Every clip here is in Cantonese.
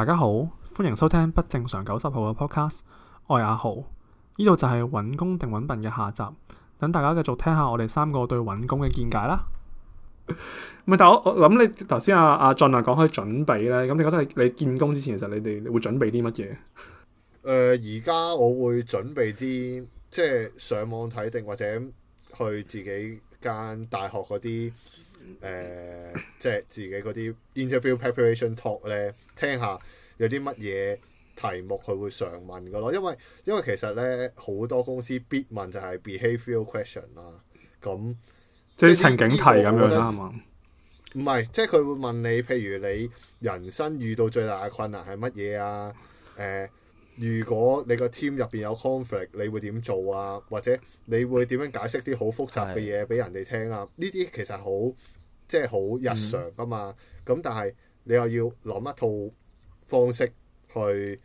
大家好，歡迎收聽不正常九十後嘅 podcast，我係阿豪，呢度就係揾工定揾笨嘅下集，等大家繼續聽下我哋三個對揾工嘅見解啦。唔係，但我我諗你頭先阿阿俊啊講開準備呢。咁你覺得你你見工之前其實你哋會準備啲乜嘢？誒、呃，而家我會準備啲即係上網睇定或者去自己間大學嗰啲誒。呃 即係自己嗰啲 interview preparation talk 咧，聽下有啲乜嘢題目佢會常問噶咯，因為因為其實咧好多公司必問就係 behavioral question 啦、啊。咁即係情景題咁樣啦，係嘛？唔係，即係佢會問你，譬如你人生遇到最大嘅困難係乜嘢啊？誒、呃，如果你個 team 入邊有 conflict，你會點做啊？或者你會點樣解釋啲好複雜嘅嘢俾人哋聽啊？呢啲其實好。即係好日常噶嘛，咁、嗯、但係你又要諗一套方式去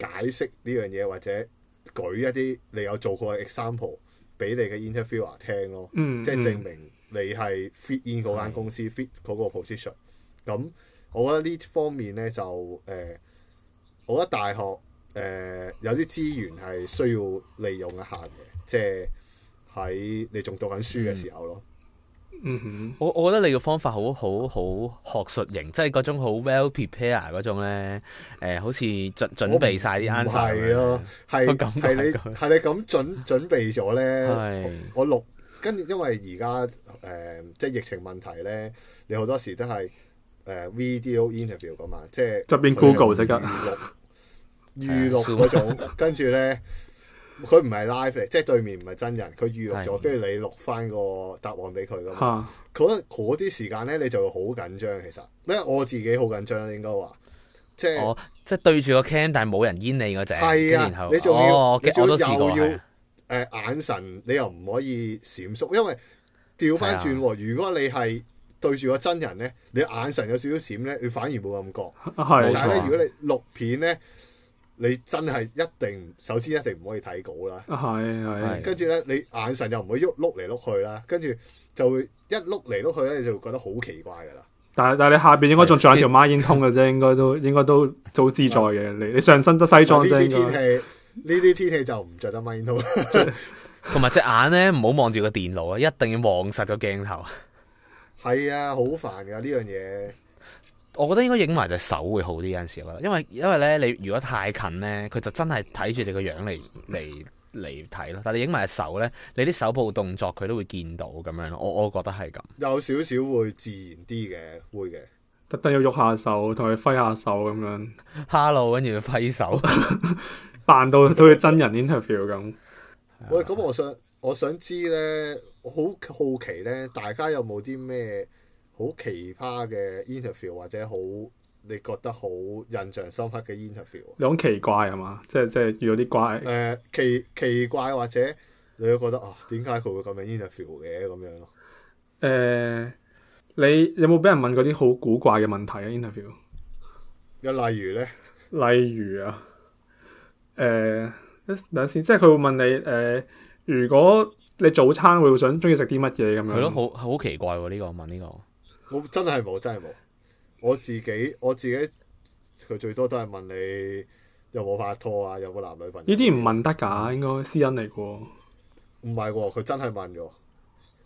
解釋呢樣嘢，或者舉一啲你有做過嘅 example 俾你嘅 interviewer 聽咯，嗯、即係證明你係 fit in 嗰間公司是 fit 嗰個 position。咁、嗯、我覺得呢方面呢，就誒、呃，我覺得大學誒、呃、有啲資源係需要利用一下嘅，即係喺你仲讀緊書嘅時候咯。嗯嗯哼，mm hmm. 我我覺得你嘅方法好好好學術型，即係嗰種好 well prepare 嗰種咧，誒、呃，好似準準備晒啲啱 n s w e 咯，係係、啊、你係你咁準準備咗咧， 唉我錄跟住因為而家誒即係疫情問題咧，你好多時都係誒、呃、video interview 噶嘛，即係側邊 Google 識得？預錄預錄嗰種，跟住咧。 佢唔係 live 嚟，即係對面唔係真人，佢預錄咗，跟住你錄翻個答案俾佢㗎嘛。嗰啲時間咧，你就會好緊張。其實，咧我自己好緊張啦，應該話，即係即係對住個 cam，但係冇人煙你嗰陣。係啊，你仲要，你仲要，我都試過。係，誒眼神你又唔可以閃縮，因為調翻轉。如果你係對住個真人咧，你眼神有少少閃咧，你反而冇咁覺。但係咧，如果你錄片咧。你真係一定，首先一定唔可以睇稿啦。係係。跟住咧，你眼神又唔可以喐碌嚟碌去啦。跟住就會一碌嚟碌去咧，你就會覺得好奇怪噶啦。但係但係你下邊應該仲着緊條孖煙通嘅啫，應該都應該都都好自在嘅。你是你上身得西裝，呢啲天氣，呢啲天氣就唔着得孖煙通。同埋隻眼咧，唔好望住個電腦啊！一定要望實個鏡頭。係啊，好煩噶呢樣嘢。我覺得應該影埋隻手會好啲，有陣時我覺得，因為因為咧，你如果太近咧，佢就真係睇住你個樣嚟嚟嚟睇咯。但你影埋隻手咧，你啲手部動作佢都會見到咁樣咯。我我覺得係咁。有少少會自然啲嘅，會嘅，特登要喐下手同佢揮下手咁樣。Hello，跟住佢揮手，扮 到好似真人 interview 咁。喂，咁我想我想知咧，好好奇咧，大家有冇啲咩好奇葩嘅 interview 或者好你覺得好印象深刻嘅 interview，你好奇怪啊嘛，即係即係遇到啲怪誒奇奇怪或者你都覺得啊，點解佢會咁樣 interview 嘅咁樣咯。誒、呃，你有冇俾人問過啲好古怪嘅問題啊？interview 有例如咧？例如啊，誒、呃，等先，即係佢會問你誒、呃，如果你早餐會想鍾意食啲乜嘢咁樣？係咯，好好奇怪喎、啊，呢個問呢個。我真係冇，真係冇。我自己我自己，佢最多都係問你有冇拍拖啊，有冇男女朋友？呢啲唔問得㗎，嗯、應該私隱嚟嘅喎。唔係喎，佢、哦、真係問嘅喎。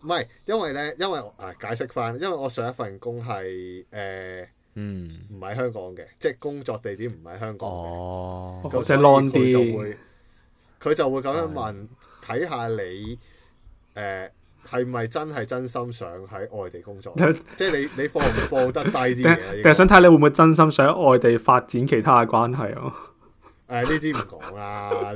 唔係因為咧，因為誒、啊、解釋翻，因為我上一份工係誒，呃、嗯，唔喺香港嘅，即、就、係、是、工作地點唔喺香港哦，咁、嗯、所以呢啲就會佢、嗯、就會咁樣問，睇下你誒。呃係咪真係真心想喺外地工作？ 即係你你放唔放得低啲嘢？定係想睇你會唔會真心想喺外地發展其他嘅關係咯、啊？誒呢啲唔講啦，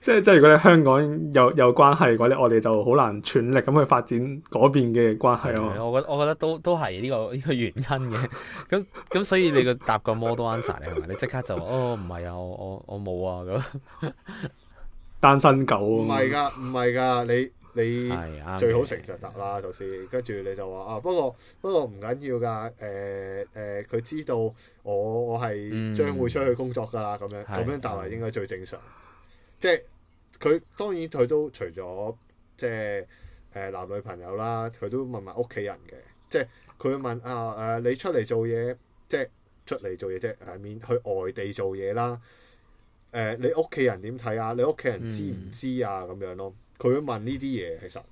即係即係如果你香港有有關係嘅話咧，我哋就好難全力咁去發展嗰邊嘅關係咯、啊。我覺我覺都都係呢個呢個原因嘅。咁咁所以你個答個 model answer 你係咪？你即刻就哦唔係啊，我我冇啊，咁單身狗唔係噶唔係噶你。你最好誠實答啦，頭先跟住你就話啊，不過不過唔緊要㗎，誒誒佢知道我我係將會出去工作㗎啦，咁樣咁、嗯、樣答話應該最正常。嗯、即係佢當然佢都除咗即係誒、呃、男女朋友啦，佢都問埋屋企人嘅，即係佢問啊誒、呃、你出嚟做嘢，即係出嚟做嘢啫，誒、呃、免去外地做嘢啦。誒、呃、你屋企人點睇啊？你屋企人知唔知啊？咁樣咯。佢會問呢啲嘢，其實，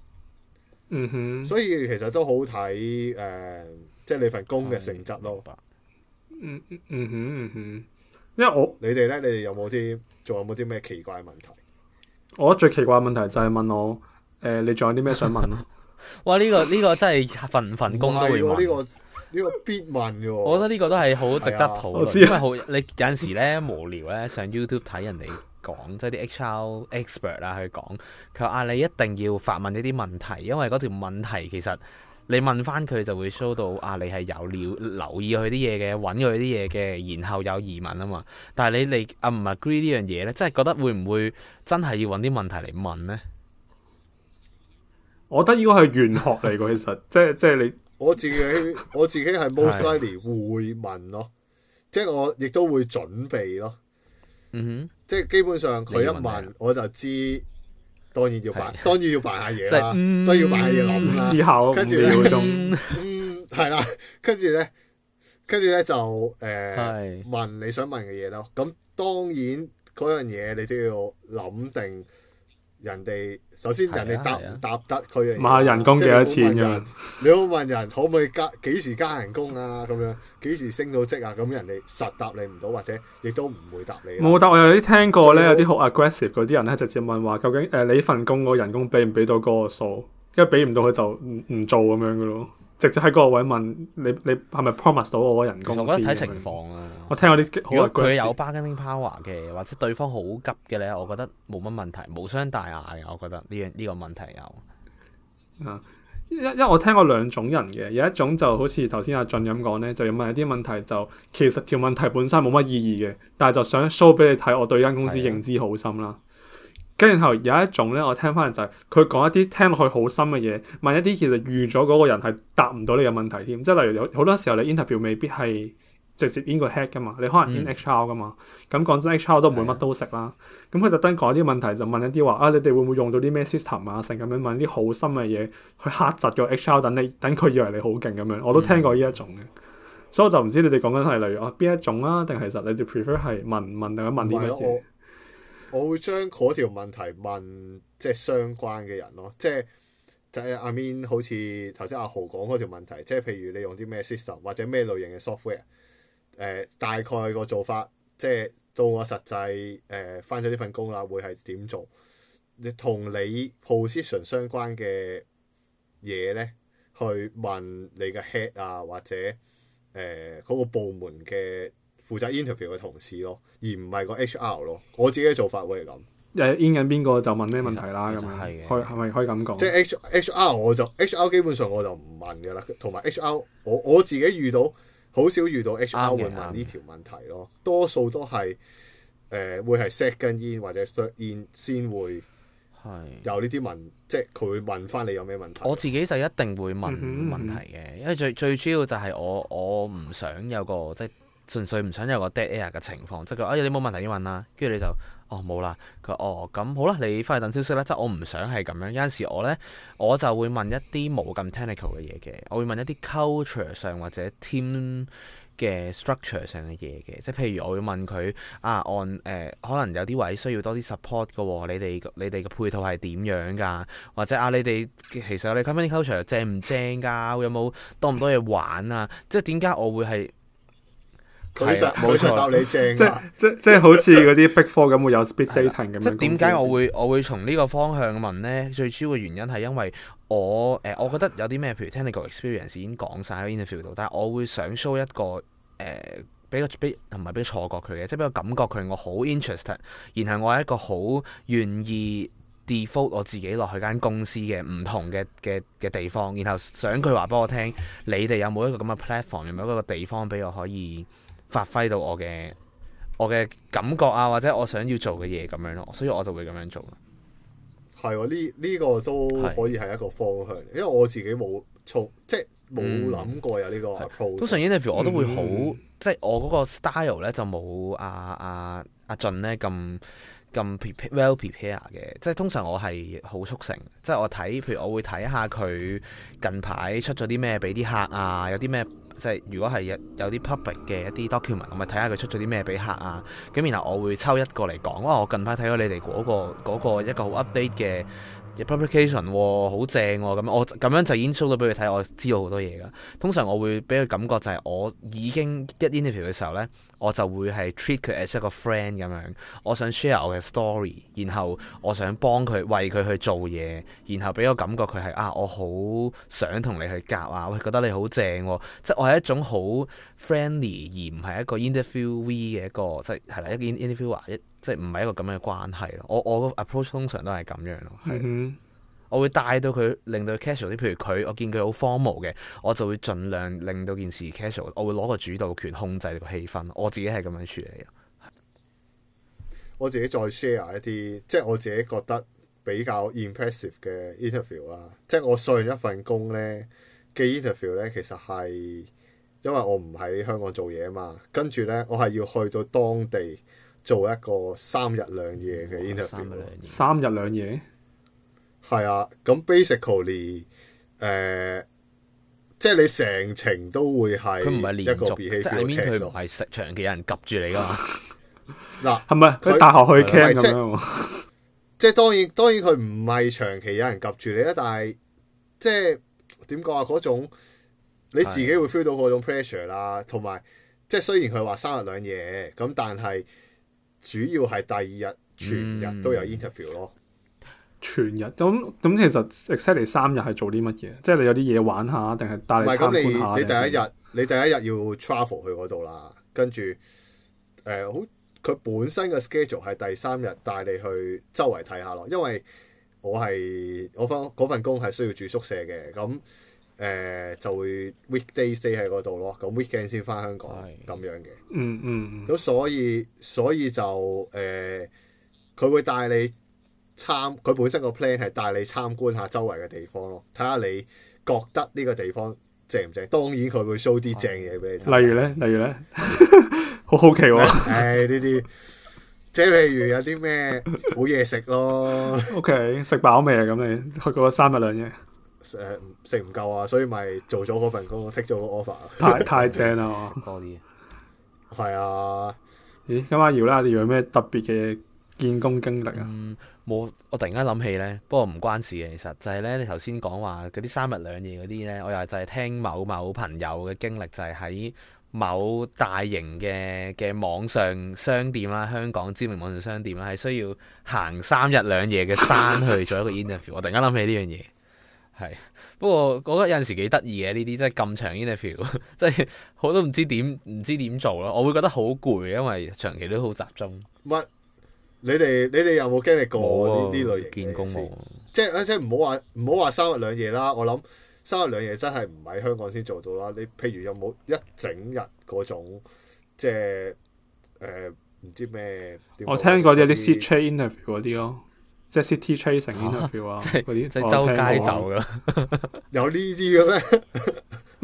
嗯哼，所以其實都好睇誒，即、呃、係、係、你份工嘅性質咯。嗯嗯嗯哼嗯哼，嗯哼，因為我你哋咧，你哋有冇啲，仲有冇啲咩奇怪問題？我覺得最奇怪嘅問題就係問我，誒、呃，你仲有啲咩想問咯？ 哇！呢、這個呢、這個真係份份工都要呢、 啊這個呢、這個必問嘅喎。 我覺得呢個都係好值得討論，啊、因為好你有陣時咧無聊咧，上 YouTube 睇人哋。講即係啲 HR expert 啦，去講佢話啊，你一定要發問呢啲問題，因為嗰條問題其實你問翻佢就會 show 到啊，你係有了留意佢啲嘢嘅，揾佢啲嘢嘅，然後有疑問啊嘛。但係你你啊唔係 agree 呢樣嘢咧，即係覺得會唔會真係要揾啲問題嚟問咧？我覺得依個係玄學嚟嘅，其實即係即係你我自己我自己係 mostly 會問咯，即係我亦都會準備咯。嗯哼。即係基本上佢一問，問我就知，當然要扮，的當然要扮下嘢啦，嗯、都要扮下嘢諗啦，跟住五秒鐘，嗯，係啦、 嗯，跟住咧，跟住咧就誒、呃、的問你想問嘅嘢咯。咁當然嗰樣嘢你都要諗定。人哋首先、啊、人哋答唔、啊、答，答得佢啊？問下人工幾多錢人？你好問人可唔可以加幾時加人工啊？咁樣幾時升到職啊？咁人哋實答你唔到，或者亦都唔會答你。冇答，我有啲聽過咧，就係、有啲好 aggressive 嗰啲人咧，直接問話究竟誒、呃、你份工個人工俾唔俾到嗰個數？因為俾唔到佢就唔唔做咁樣嘅咯。直接喺嗰個位問你，你係咪 promise 到我個人工？我覺得睇情況啊。」我聽過好有啲如果佢有 bargaining power 嘅，或者對方好急嘅咧，我覺得冇乜問題，無傷大雅嘅。我覺得呢樣呢個問題有因因為我聽過兩種人嘅，有一種就好似頭先阿俊咁講咧，就要問啲問題就其實條問題本身冇乜意義嘅，但係就想 show 俾你睇，我對間公司認知好深啦。跟然後有一種咧，我聽翻嚟就係佢講一啲聽落去好深嘅嘢，問一啲其實預咗嗰個人係答唔到你嘅問題添。即係例如有好多時候你 interview 未必係直接 in 個 head 噶嘛，你可能 in HR 噶嘛。咁講、嗯、真，H R 的都唔會乜都識啦。咁佢特登講啲問題就問一啲話啊，你哋會唔會用到啲咩 system 啊？成咁樣問啲好深嘅嘢，去嚇窒個 H R 等你，等佢以為你好勁咁樣。我都聽過呢一種嘅，嗯、所以我就唔知你哋講緊係例如啊邊一種啊，定其實你哋 prefer 係問問定係問啲乜嘢？是我會將嗰條問題問即係相關嘅人咯，即係就係阿 Min, I mean, 好似頭先阿豪講嗰條問題，即係譬如你用啲咩 system 或者咩類型嘅 software，誒、呃、大概個做法，即係到我實際誒翻咗呢份工啦，會係點做？你同你 position 相關嘅嘢咧，去問你嘅 head 啊，或者誒嗰、呃嗰個部門嘅負責 interview 嘅同事咯，而唔係個 H R 咯。我自己嘅做法會係咁，誒 in 緊邊個就問咩問題啦咁樣，可係咪可以咁講？係係即係 H H R 我就 H R 基本上我就唔問嘅啦，同埋 H R 我我自己遇到好少遇到 H R 的會問呢條問題咯，的多數都係誒、呃、會係 second in，或者 third in 先會有呢啲問，對即係佢會問翻你有咩問題。我自己就一定會問問題嘅，嗯、哼因為最最主要就係我我唔想有個即係。純粹唔想有個 dead air 嘅情況，即係佢啊，你冇問題要問啦。跟住你就哦冇啦。佢哦咁好啦，你翻去等消息啦。即係我唔想係咁樣。有陣時我咧，我就會問一啲冇咁 technical 嘅嘢嘅，我會問一啲 culture 上或者 team 嘅 structure 上嘅嘢嘅。即係譬如我會問佢啊，按誒、呃、可能有啲位需要多啲 support 嘅喎，你哋你哋嘅配套係點樣㗎？或者啊，你哋其實我哋 company culture 正唔正㗎、啊？有冇多唔多嘢玩啊？即係點解我會係？其實冇錯，即即即好似嗰啲 big four 咁，會有 speed dating 咁樣。 即點解我會我會從呢個方向問呢？最主要嘅原因係因為我誒、呃，我覺得有啲咩，譬如 technical experience 已經講晒喺 interview 度，但係我會想 show 一個誒俾個同埋俾錯過佢嘅，即俾個感覺佢我好 interesting。然後我係一個好願意 default 我自己落去間公司嘅唔同嘅嘅嘅地方，然後想佢話俾我聽，你哋有冇一個咁嘅 platform，有冇一個地方俾我可以？發揮到我嘅我嘅感覺啊，或者我想要做嘅嘢咁樣咯，所以我就會咁樣做。係喎、這個，呢、這、呢個都可以係一個方向，是因為我自己冇即係冇諗過有呢個 approach。通常 interview 我都會好、嗯、哼即係我嗰個 style 咧就冇阿阿阿俊咧咁咁 well prepare 嘅，即係通常我係好速成，即係我睇譬如我會睇下佢近排出咗啲咩俾啲客啊，有啲咩。即係如果係有有啲 public 嘅一啲 document，咁咪睇下佢出咗啲咩俾客啊。咁然後我會抽一個嚟講，因為我近排睇到你哋嗰個嗰個一個好 update 嘅 publication 好、哦、正咁、哦。我咁樣就已經 show 到俾佢睇，我知道好多嘢㗎。通常我會俾佢感覺就係我已經一 interview 嘅時候咧。我就會係 treat 佢 as 一個 friend 咁樣，我想 share 我嘅 story，然後我想幫佢、為佢去做嘢，然後俾個感覺佢係啊，我好想同你去夾啊，我覺得你好正、哦，即係我係一種好 friendly 而唔係一個 interviewee 嘅一個，即係係啦，一個 interviewer 即係唔係一個咁樣嘅關係咯。我我個 approach 通常都係咁樣咯。我會帶到佢，令到佢 casual 啲。譬如佢，我見佢好荒謬嘅，我就會盡量令到件事 casual。我會攞個主導權控制個氣氛。我自己係咁樣處理。我自己再 share 一啲，即係我自己覺得比較 impressive 嘅 interview 啦。即係我上一份工呢，嘅 interview 呢，其實係因為我唔喺香港做嘢嘛，跟住呢，我係要去到當地做一個三日兩夜嘅 interview。三日兩夜。係啊，咁 basically，誒，即係你成程都會係佢，唔係連續，即係面佢唔係長期有人及住你噶嘛？嗱，係咪佢大學去傾咁樣，即係當然，當然佢唔係長期有人及住你啊，但係即係點講啊？嗰種你自己會 feel 到嗰種 pressure 啦，同埋即係雖然佢話三日兩夜咁，但係主要係第二日全日都有 interview 咯。全日咁咁，其實 exactly 三日係做啲乜嘢？即係你有啲嘢玩下，定係帶嚟參觀下？唔係，咁你你，你第一日你第一日要 travel 去嗰度啦，跟住誒好，佢、呃、本身嘅 schedule 係第三日帶你去周圍睇下咯。因為我係我份份工係需要住宿舍嘅，咁誒、呃、就會 weekday stay 喺嗰度咯。咁 weekend 先翻香港咁的樣嘅、嗯。嗯嗯咁所以所以就誒，佢、呃、會帶你。參佢本身個 plan 係帶你參觀下周圍嘅地方咯，睇下你覺得呢個地方正唔正？當然佢會 show 啲正嘢俾你睇、啊。例如咧，例如咧， 好好奇喎、哦。誒呢啲，即係譬如有啲咩 好嘢食咯。O K，食飽未啊？咁你去嗰三日兩夜，食唔、呃、夠啊，所以咪做咗嗰份工，take 咗 offer 太，太太正啦， 多啲。係啊，咦？今晚姚啦，你有咩特別嘅？見工經歷啊！冇、嗯、我突然間諗起呢，不過唔關事嘅，其實就係呢，你頭先講話嗰啲三日兩夜嗰啲呢，我又就係聽某某朋友嘅經歷，就係喺某大型嘅嘅網上商店啦，香港知名網上商店啦，係需要行三日兩夜嘅山去做一個 interview。 我突然間諗起呢樣嘢，係不過覺得有陣時幾得意嘅呢啲，即係咁長 interview，即 係我都唔知點唔知點做咯。我會覺得好攰，因為長期都好集中。喂。你哋你哋有冇經歷過呢啲、啊、類型嘅見工？即係即係唔好話唔好話三日兩夜啦。我諗三日兩夜真係唔喺香港先做到啦。你譬如有冇一整日嗰種即係誒唔知咩？我聽過啲 city train interview 嗰啲咯，即係 city train interview 啊，嗰啲些即係周街走噶， 有呢啲嘅咩？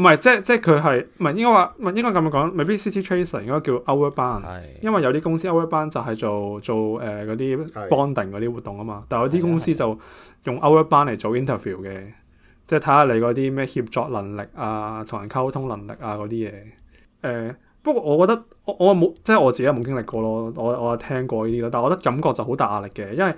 唔係即係即係佢係唔係應該話唔應該咁樣講？Maybe City Tracer 應該叫 over 班，bound, 的因為有啲公司 over 班就係做做誒嗰、呃、啲 bonding 嗰啲活動啊嘛。的但係有啲公司就用 over 班嚟做 interview 嘅，即係睇下你嗰啲咩協作能力啊、同人溝通能力啊嗰啲嘢。誒、呃、不過我覺得我我冇即係我自己冇經歷過咯。我我有聽過呢啲咯，但係我覺得感覺就好大壓力嘅，因為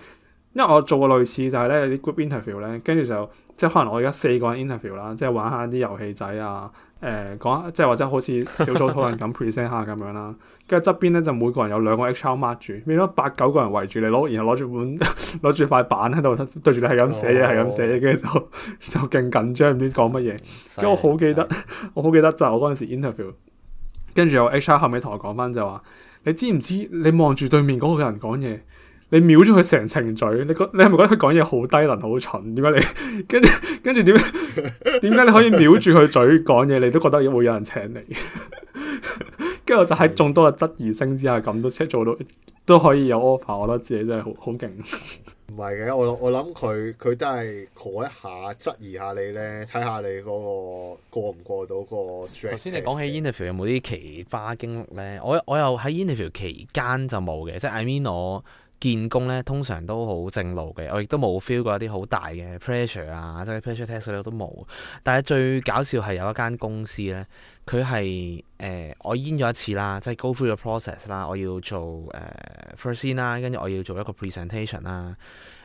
因為我做過類似就係咧啲 group interview 咧，跟住就。即係可能我而家四個人 interview 啦，即係玩下啲遊戲仔啊，誒、呃、講即係或者好似小組討論咁 present 下咁樣啦。跟住側邊咧就每個人有兩個 HR mark 住，變咗八九個人圍住你攞，然後攞住本攞住塊板喺度對住你係咁寫嘢，係咁寫嘢，跟住就、oh. 就勁緊張，唔知講乜嘢。咁我好記得，害 我好記得就我嗰陣時 interview，跟住有 HR 後尾同我講翻就話：你知唔知你望住對面嗰個人講嘢？你秒住佢成程嘴，你覺你係咪覺得佢講嘢好低能好蠢？點解你跟住跟住點？點解你可以秒住佢嘴講嘢， 你都覺得會有人請你？跟住我就喺眾多嘅質疑聲之下，咁都即係做到都可以有 offer，我覺得自己真係好好勁。唔係嘅，我我諗佢佢都係 call 一下質疑下你咧，睇下你嗰、嗰個過唔過到嗰個。頭先你講起 interview 有冇啲奇葩經歷咧？我我又喺 interview 期間就冇嘅，即係。I mean 我。見工咧，通常都好正路嘅，我亦都冇 feel 過一啲好大嘅 pressure 啊，即係 pressure test 嗰啲我都冇。但係最搞笑係有一間公司咧，佢係誒我 in 咗一次啦，即係 go through the process 啦，我要做誒、呃、first in 啦，跟住我要做一個 presentation 啦。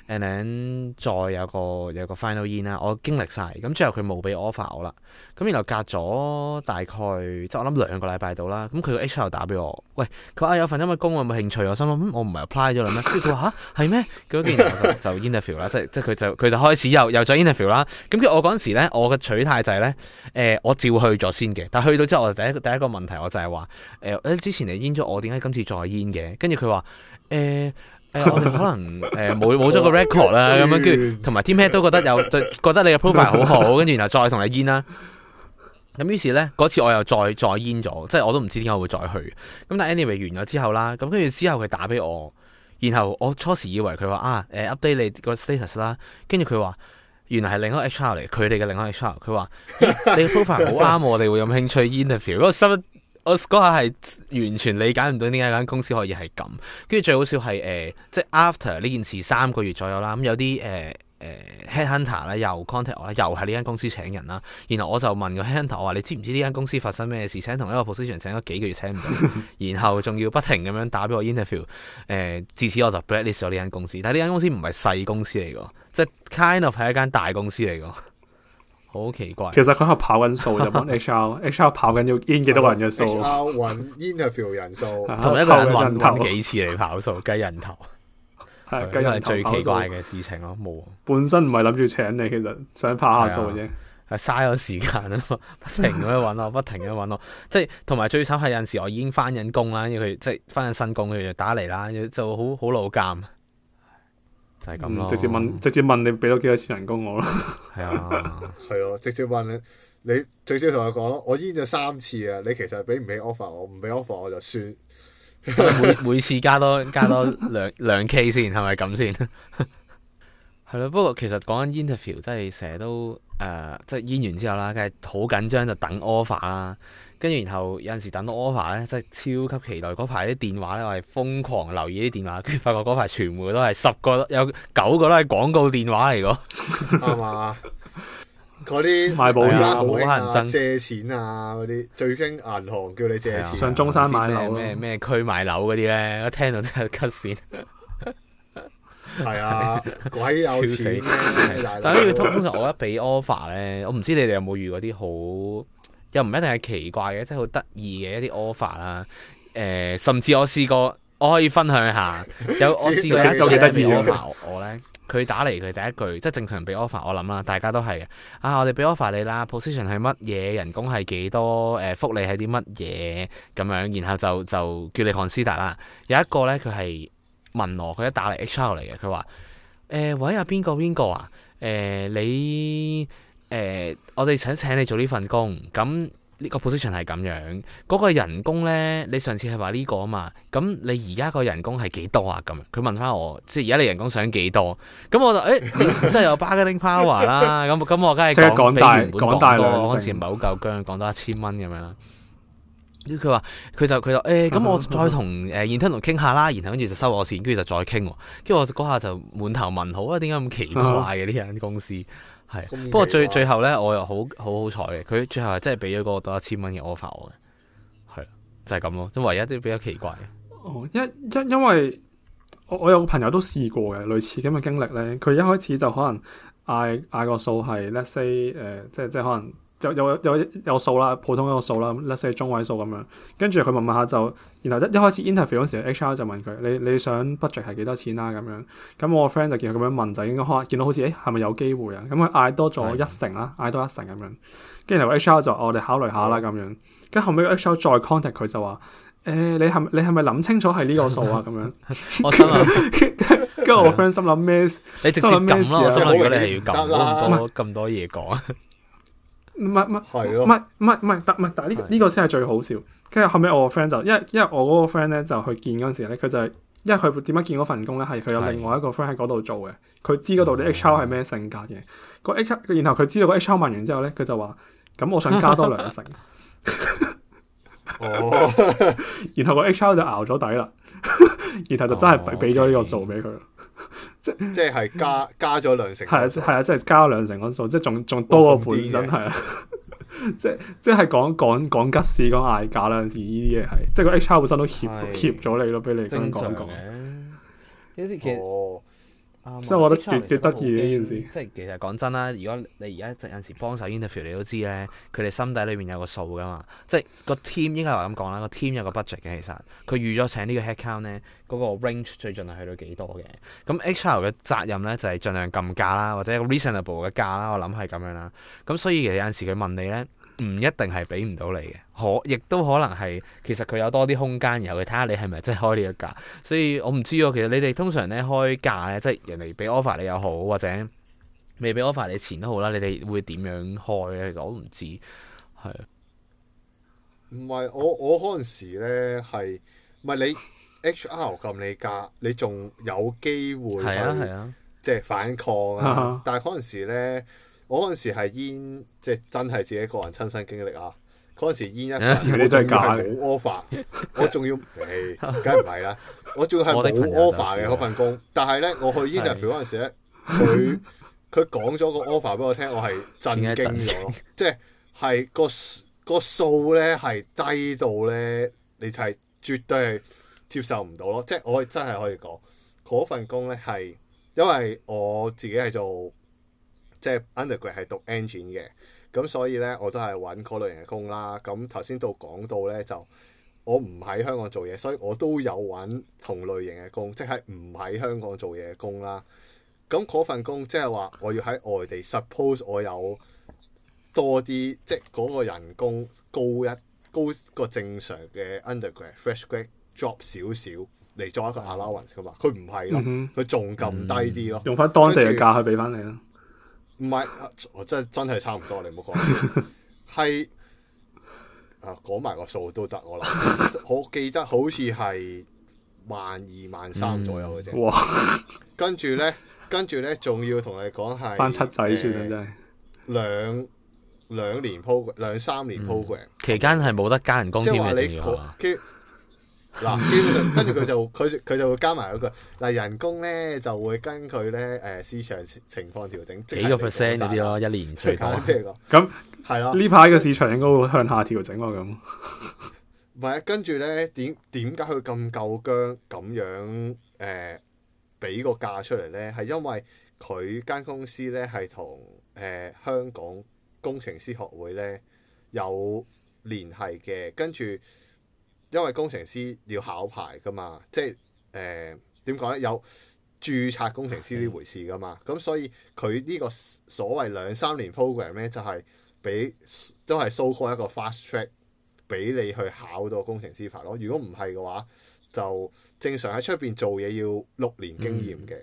And then 再有個有個 final in 啦，我經歷晒，咁之後佢冇俾 offer 我啦。咁然後隔咗大概即係我諗兩個禮拜到啦。咁佢個 HR 打俾我，喂，佢話有份咁嘅工，我有冇興趣？我心諗，我唔係 apply 咗啦咩？跟住佢話吓，係咩？咁跟住我就就 interview 啦，即係即係佢就佢就開始又又再 interview 啦。咁我嗰陣時咧，我嘅取態就係咧，誒，我照去咗先嘅。但係去到之後，我第一第一個問題我就係話，誒誒，之前你 int 咗我，點解今次再 int 嘅？跟住佢話，誒。誒，哎、我哋可能誒冇冇咗個 record 啦，咁樣跟住，同埋 teammate 都覺得有，覺得你嘅 profile 好好，跟住然後再同你煙啦。咁於是呢，嗰次我又再再煙咗，即係我都唔知點解會再去。咁但係 anyway 完咗之後啦，咁跟住之後佢打俾我，然後我初時以為佢話啊、呃、，update 你個 status 啦，跟住佢話原來係另一個 HR 嚟，佢哋嘅另一個 HR，佢話你嘅 profile 好啱 我哋會有興趣 interview，咁我嗰下係完全理解唔到呢間公司可以係咁，跟住最好笑係誒、呃，即係 after 呢件事三個月左右啦，咁、嗯、有啲誒誒 headhunter 咧又 contact 我，又係呢間公司請人啦。然後我就問個 hunter，我話你知唔知呢間公司發生咩事？請同一個 position 請咗幾個月請唔到， 然後仲要不停咁樣打俾我 interview、呃。誒，自此我就 blacklist 咗呢間公司。但係呢間公司唔係細公司嚟㗎，即係 kind of 係一間大公司嚟㗎。好奇怪，其實佢係跑緊數啫嘛 HR，HR 跑緊要 in 幾多個人數，HR 揾 interview 人數，同一個人揾幾次嚟跑數，計人頭，係計 人頭係最奇怪嘅事情咯，冇數。本身唔係諗住請你，其實想跑下數嘅啫，係嘥咗時間啊嘛， 不停咁樣揾我，不停咁樣揾我， 即係同埋最慘係有陣時我已經翻緊工啦，因為佢即係翻緊新工，佢就打嚟啦，就好好老尷。係咁咯，直接問直接問你俾咗幾多錢人工我啦，係啊，係咯，直接問你，問你最少同我講咯，我 in 咗三次啊，你其實係俾唔俾 offer 我，唔俾 offer 我就算， 每每次加多加多兩兩 k 先，係咪咁先？ 係咯，不過其實講緊 interview，真係成日都誒、呃，即係 interview 完之後啦，梗係好緊張就等 offer 啦，跟住然後有陣時等到 offer 咧，真係超級期待嗰排啲電話咧，我係瘋狂留意啲電話，跟住發覺嗰排全部都係十個有九個都係廣告電話嚟噶，係嘛吧？嗰啲賣保險啊，啊、借錢啊嗰啲，最驚銀行叫你借錢、啊，上中山買樓咩咩區買樓嗰啲咧，一聽到真係 cut 線。 係啊，鬼有錢咧，啊！但係通常我一俾 offer 咧，我唔知你哋有冇遇過啲好又唔一定係奇怪嘅，即係好得意嘅一啲 offer 啦。誒，甚至我試過，我可以分享下。有我試過有幾得意 offer，我咧，佢打嚟佢第一句，即係正常人俾 offer，我諗啦，大家都係嘅。啊，我哋俾 offer 你啦，position 係乜嘢，人工係幾多，誒，福利係啲乜嘢咁樣，然後就就叫你 consider 啦。有一個咧，佢係。問我，佢一打嚟 H R 嚟嘅，佢話：誒、欸、喂啊，邊個邊個啊？誒、欸、你誒、欸，我哋想請你做呢份工，咁呢個 position 係咁樣，嗰、那個人工咧，你上次係話呢個啊嘛，咁你而家個人工係幾多啊？咁佢問翻我，即係而家你人工想幾多？咁我就誒、欸，你真係有 bargaining power 啦！咁咁 我梗係即係講大講,講大個，我嗰時唔係好夠姜，講多一千蚊咁樣。佢話：佢就佢就誒咁，我再同誒 internal 傾下啦，然後跟住就收我線，跟住就再傾。跟住我嗰下就滿頭問號啊，點解咁奇怪嘅呢間公司？係，不過最最後咧，我又好好好彩嘅，佢最後係真係俾咗嗰個多一千蚊嘅 offer 我嘅，係就係咁咯。都唯一啲比較奇怪嘅。哦，因因因為我，我有個朋友都試過嘅類似咁嘅經歷咧，佢一開始就可能嗌嗌個數係 let's say 誒，即即可能。就有有有數啦，普通一個數啦 less 中位數咁樣。跟住佢問問下就，然後一一開始 interview 嗰時，HR 就問佢：你你想 budget 係幾多錢啊？咁樣。咁我個 friend 就見佢咁樣問，就應該可見到好似誒係咪有機會啊？咁佢嗌多咗一成啦，嗌多一成咁樣。跟住後 H R 就、oh，我哋考慮下啦咁樣。咁後尾 H R 再 contact 佢就話：誒、 eh，你係你係咪諗清楚係呢個數啊？咁樣。我真啊！咁我個 friend 心諗咩？你直接撳啦，如果、啊、你係要撳，唔好咁多嘢講 唔係唔係唔係唔係，但係但係呢個呢個先係最好笑。跟住後尾我個 friend 就，因為因為我嗰個 friend 咧就去見嗰陣時咧，佢就係因為佢點樣見嗰份工咧，係佢有另外一個 friend 喺嗰度做嘅，佢知嗰度啲 HR 係咩性格嘅。個 HR，然後佢知道個 HR 問完之後咧，佢就話：咁我想加多兩成。哦，然後個 HR 就熬咗底啦，然後就真係俾俾咗呢個數俾佢啦。即係加加咗兩成，係啊係啊，即係加咗兩成嗰數，即係仲仲多過本身，真係啊！即即係講講講吉士講嗌價啦，有陣時呢啲嘢係，即係個 HR 本身都 keep keep 咗你咯，俾你講講。即係、啊、我覺得幾幾得意呢件事，即係其實講真啦，如果你而家有陣時幫手 interview，你都知咧，佢哋心底裏面有個數噶嘛。即係個 team 應該係咁講啦，個 team 有個 budget 嘅，其實佢預咗請呢個 headcount 咧，嗰、那個 range 最盡量去到幾多嘅。咁 HR 嘅責任咧就係、是、盡量撳價啦，或者 reasonable 嘅價啦，我諗係咁樣啦。咁所以其實有陣時佢問你咧。唔一定係俾唔到你嘅，可亦都可能係其實佢有多啲空間，然後佢睇下你係咪真係開呢一價。所以我唔知喎，其實你哋通常咧開價咧，即係人哋俾 offer 你又好，或者未俾 offer 你錢都好啦，你哋會點樣開咧？其實我都唔知，係。唔係我我嗰陣時咧係，唔係你 HR 撳你價，你仲有機會係即係反抗啊！ 但係嗰陣時咧。我嗰陣時係 in，即係真係自己個人親身經歷啊！嗰陣時 in 一次，我仲要係冇 offer，我仲要，唉、欸，梗係唔係啦？ 我仲要係冇 offer 嘅嗰份工，但係咧，我去 Interview 嗰陣時咧，佢佢講咗個 offer 俾我聽，我係震驚咗咯。即係係個個數咧係低到咧，你睇係絕對係接受唔到咯。即、就、係、是、我真係可以講嗰份工咧係因為我自己係做。即係 undergrad 係讀 engine 嘅，咁所以咧我都係揾嗰類型嘅工啦。咁頭先到講到咧就，我唔喺香港做嘢，所以我都有揾同類型嘅工，即係唔喺香港做嘢嘅工啦。咁嗰份工即係話我要喺外地，suppose 我有多啲，即係嗰個人工高一高一個正常嘅 undergrad fresh grad job 少少嚟做一個 allowance 㗎嘛，佢唔係咯，佢仲咁低啲咯，用翻當地嘅價去俾翻你咯。唔係，我真係真係差唔多，你唔好講。係 啊，講埋個數都得，我諗， 我記得好似係萬二萬三左右嘅啫，嗯。哇！跟住咧，跟住咧，仲要同你講係翻七仔算啦，呃、真係兩兩年 program，兩三年 program，嗯、期間係冇得加人工添嘅，呢要其嗱，跟住佢就佢佢就會加埋嗰句嗱，人工咧就會根據咧誒、呃、市場情況調整幾個 percent 嗰啲咯，這個、一年出頭。出咁係咯。呢排嘅市場應該會向下調整喎。咁唔係，跟住咧點點解佢咁夠薑咁樣誒俾、呃、個價出嚟咧？係因為佢間公司咧係同誒香港工程師學會咧有聯繫嘅，跟住。因為工程師要考牌噶嘛，即係誒點講呢？有註冊工程師呢回事噶嘛？咁的所以佢呢個所謂兩三年 program 呢，就係俾都係 so call 一個 fast track 俾你去考到工程師牌咯。如果唔係嘅話，就正常喺出邊做嘢要六年經驗嘅。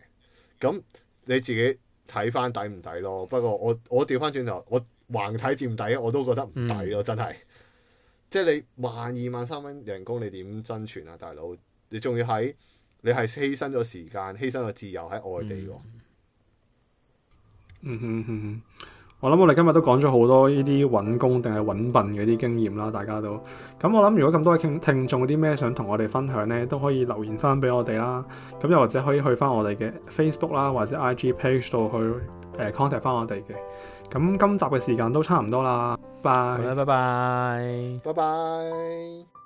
咁、嗯、你自己睇翻抵唔抵咯？不過我我調翻轉頭，我橫睇掂抵我都覺得唔抵咯，真係。嗯即係你萬二萬三蚊人工，你點生存啊，大佬？你仲要喺你係犧牲咗時間、犧牲咗自由喺外地喎、啊嗯。嗯哼哼、嗯嗯、我諗我哋今日都講咗好多呢啲揾工定係揾笨嗰啲經驗啦，大家都咁我諗，如果咁多位聽聽眾有啲咩想同我哋分享呢，都可以留言翻俾我哋啦。咁又或者可以去翻我哋嘅 Facebook 啦，或者 IG page 度去誒、呃、contact 翻我哋嘅。咁今集嘅時間都差唔多啦，拜拜，拜拜，拜拜。